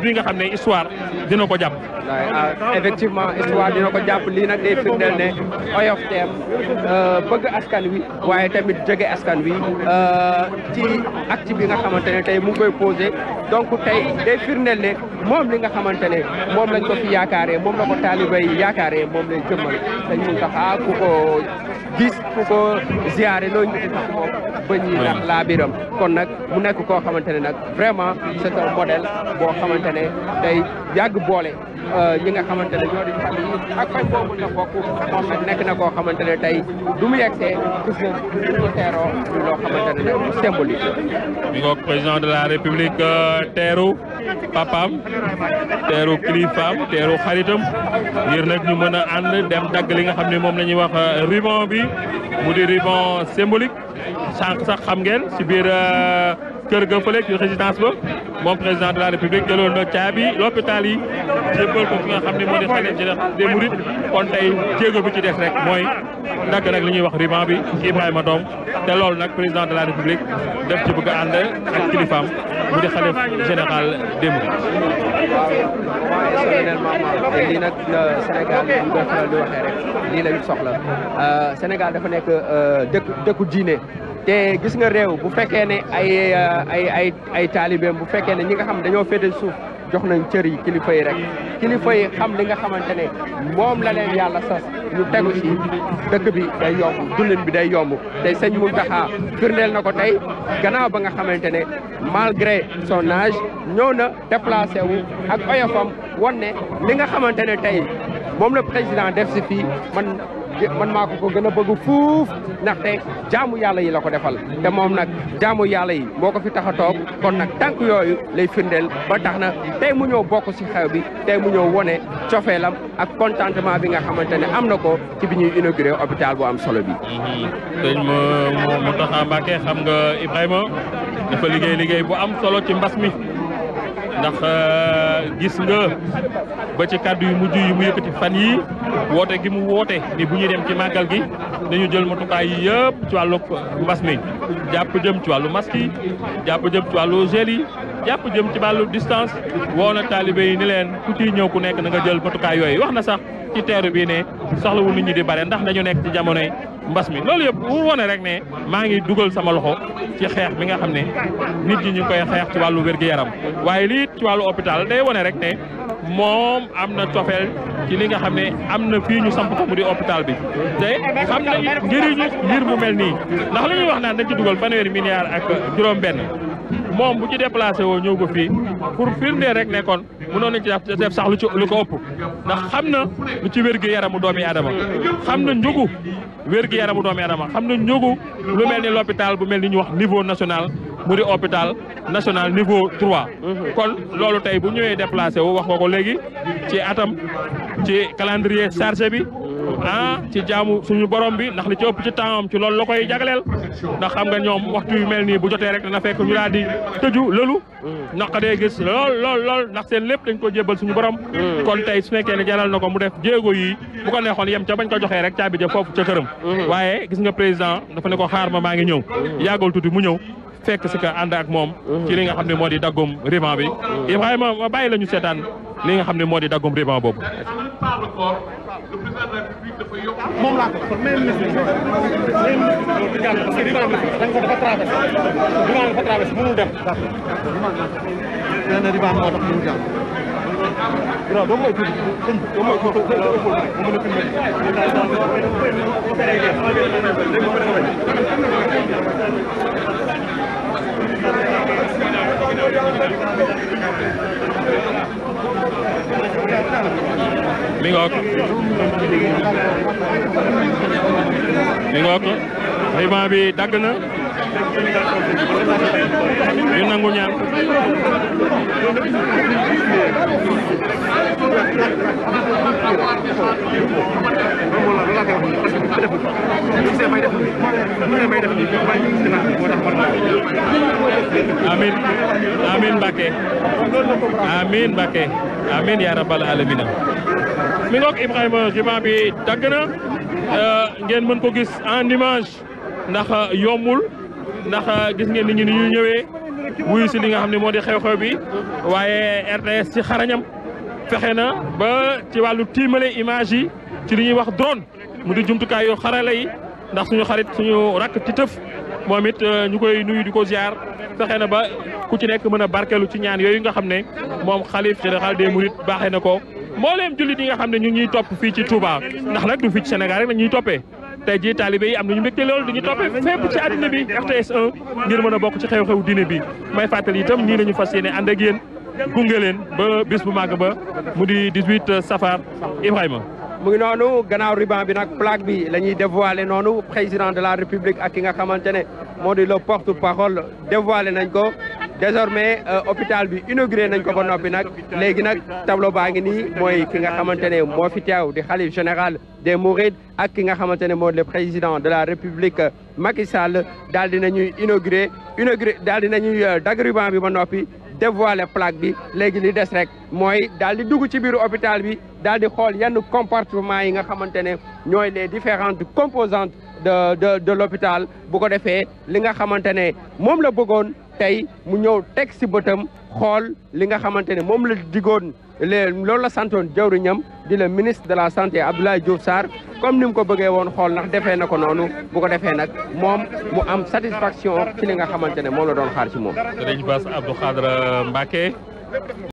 bis bi nga xam ne histoire dina ko jàpp. Ah, effectivement histoire dina ko jàpp lii nag day firndeel ne oyof teem euh, bëgg askan wi waaye tamit jege askan wi euh, ci acte nga xamante ne tey mu ngi koy posé donc tey day firndeel ne moom li nga xamante ne moom lañ ko fi yaakaaree moom la ko taaliba yi yaakaaree moom lay jëmmal dañ mun tax a ah, ku ko gis ku ko ziare loo ñu tax moom ba laa biram kon nag mu nekk ko xamante ne nag vraiment c'est un modèle boo xamante xamante ne yàgg boole euh, ñi nga xamante ne nekk na koo xamante ne tey du mu yegsee gis symbolique mi ngoog président de la république euh, teeru papaam teeru kilifaam teeru xaritam ngir nag ñu mën a ànd dem dagg li nga xam ne moom la ñuy wax euh, ruban bi mu di ruban symbolique sànq sax xam ngeen si kër ga fële ci résidence ba moom président de la république jëloon na caabi l'hôpital yi jébbal ko ki nga xam ne moo di xalifa général des mourides kon tey bi ci def rek mooy ndagg nag li ñuy wax ruban bi ci Ibrahima Doom te loolu nag président de la république def ci bëgg a ànd ak kilifaam mu di xalifa général des lii nag Sénégal li soxla euh, Sénégal dafa nekk euh, dëkk dëkku diine. te gis nga réew bu fekkee ne ay euh, ay ay ay taalibeem bu fekkee ne ñi nga xam dañoo féete suuf jox nañ cër yi kilifa yi rek kilifa yi xam li nga xamante ne moom la leen yàlla sas ñu tegu ci dëkk bi day yomb dundin bi day yomb tey sëñ Mountakha firndeel na ko tey gannaaw ba nga xamante ne malgré son âge ñëw na déplacé wu ak oyofam wone ne nga xamante ne tey moom la président def si fii man man maa ko ko gën a bëgg fuuf ndaxte jaamu yàlla yi la ko defal te moom nag jaamu yàlla yi moo ko fi tax a toog kon nag tànk yooyu lay firndeel ba tax na tey mu ñëw bokk ci xew bi tey mu ñëw wone cofeelam ak contentement bi nga xamante ne am na ko ci bi ñuy inauguré hôpital bu am solo bi. Mhm. sëñ Mountakha Mbacké xam nga Ibrahima dafa liggéey liggéey boo am solo ci mbas mi. ndax euh, gis nga ba ci kàddu yu mujj yi mu yëkkati fan yi woote gi mu woote ni bu ñuy dem ci màggal gi dañu jël matukaay yi yëpp ci wàllu mbas mi jàpp jëm ci wàllu masque yi jàpp jëm ci wàllu gel yi jàpp jëm ci wàllu distance woo na taalibe yi ni leen ku ciy ñëw ku nekk na nga jël matukaay yooyu wax na sax ci teeru bii ne soxlawul nit ñi di bare ndax dañu nekk ci jamonoy mbas mi loolu yëpp wu wone rek ne maa ngi dugal sama loxo ci xeex bi nga xam ne nit ñi ñu koy xeex ci wàllu wér-gu-yaram waaye lii ci wàllu hôpital day wone rek ne moom am na cofeel ci li nga xam ne am na fii ñu samp ko mu di hôpital bi te xam na njëriñu mbir mu mel nii ndax li ñuy wax naan dañ ci dugal fanweeri milliards ak juróom benn moom bu ci déplacé woo ñëw ko fii pour firndee rek nekkoon mënoon nañ ci sax lu ci lu ko ëpp ndax xam na lu ci wér gi yaramu doomi aadama xam na njugu wér gi yaramu doomi aadama xam na njugu lu mel ni l'hôpital bu mel ni ñu wax niveau national mu di national niveau 3. kon loolu tey bu ñëwee déplacé wu wax nga ko léegi ci atam ci calendrier chargé bi ah ci jaamu suñu borom bi ndax li ci ëpp ci tempsam ci loolu la koy jagleel ndax xam nga ñoom waxtu yu mel nii bu jotee rek dana fekk ñu daal di tëju lëlu ndax ka gis lool lool lool ndax seen lépp dañ ko jébbal suñu borom mm. kon tey su fekkee ne jaral na ko mu def jéego yi bu ko neexoon yem ca bañ ko joxee rek caabi ja foofu ca këram mm. waaye gis nga président dafa ne ko xaar ma maa ngi ñëw mm. yàggul tuuti mu ñëw fekk si ka ànd ak moom ci li nga xam ne moo di daggum riban bi Ibrahima ma bàyyi la seetaan li nga xam ne moo di daggum riban boobu le président de la République dafa yokk. moom laa ko kon même ministre bi loolu du jàll parce que dimanche bi dañ ko dafa traversé dimanche dafa traversé mënul dem. d' accord nee na dimanche moo tax mënul jàll. waaw doo koy tudd doo koy tudd doo koy tudd rek mu mën a filmé. mi ngoog. li nga wax paiement bi dagg na ñu nangu ñaan amin amin Mbacke amin Mbacke amin yaa rabbal alamina mi ngoog Ibrahima jumaa bi dagg na euh, ngeen mën ko gis en image ndax euh, yombul ndax euh, gis ngeen nit ni ñu ñëwee wuyu si li nga xam ne moo di xew-xew bi waaye RTS ci xarañam fexe na ba ci wàllu tiimale image yi ci li ñuy wax drone mu di jumtukaay yoo xarala yi ndax suñu xarit suñu rakk ti moom it euh, ñu koy nuyu di ko ziar fexe na ba ku ci nekk mën a barkeelu ci ñaan yooyu nga xam ne moom xalif général des mourides baaxee na ko mbooleem jullit yi nga xam ne ñu ngi ñuy topp fii ci Touba ndax nag du fii ci Sénégal rek la ñuy toppee tey jii taalibe yi am nañu mbégte loolu dañuy toppee fépp ci àddina bi RTS 1 ngir mën a bokk ci xew-xew diine bi may fàttali itam nii nañu fas yéene ànd ak yéen gunge leen ba bis bu màgg ba mu di 18 safar Ibrahima mu ngi noonu gannaaw ruban bi nag plaque bi la ñuy dévoilé noonu président de la république ak ki nga xamante ne moo di le porte parole dévoilé nañ ko désormais euh, hôpital bi inauguré nañ ko ba noppi nag léegi nag tableau baa ngi nii mooy ki nga xamante ne moo fi teew di xalif général des mourides ak ki nga xamante ne moo di le président de la république Macky Sall daal di nañuy inauguré inauguré daal di nañuy euh, dagg ruban bi ba noppi dévoilé plaque bi léegi li des rek mooy daal di dugg ci biir hôpital bi. daal di xool yann comportement yi nga xamante ne ñooy les différente composante de de de l'hôpital bu ko defee li nga xamante ne moom la bëggoon tey mu ñëw teg ci bëtam xool li nga xamante ne moom la digoon loolu la santoon jawriñam di la ministre de la santé Abdoulaye Diouf Sarr comme ni mu ko bëggee woon xool nax defee na ko noonu bu ko defee nag moom mu am satisfaction ci li nga xamante ne moom la doon xaar ci moom. Sëriñ Bass Abdou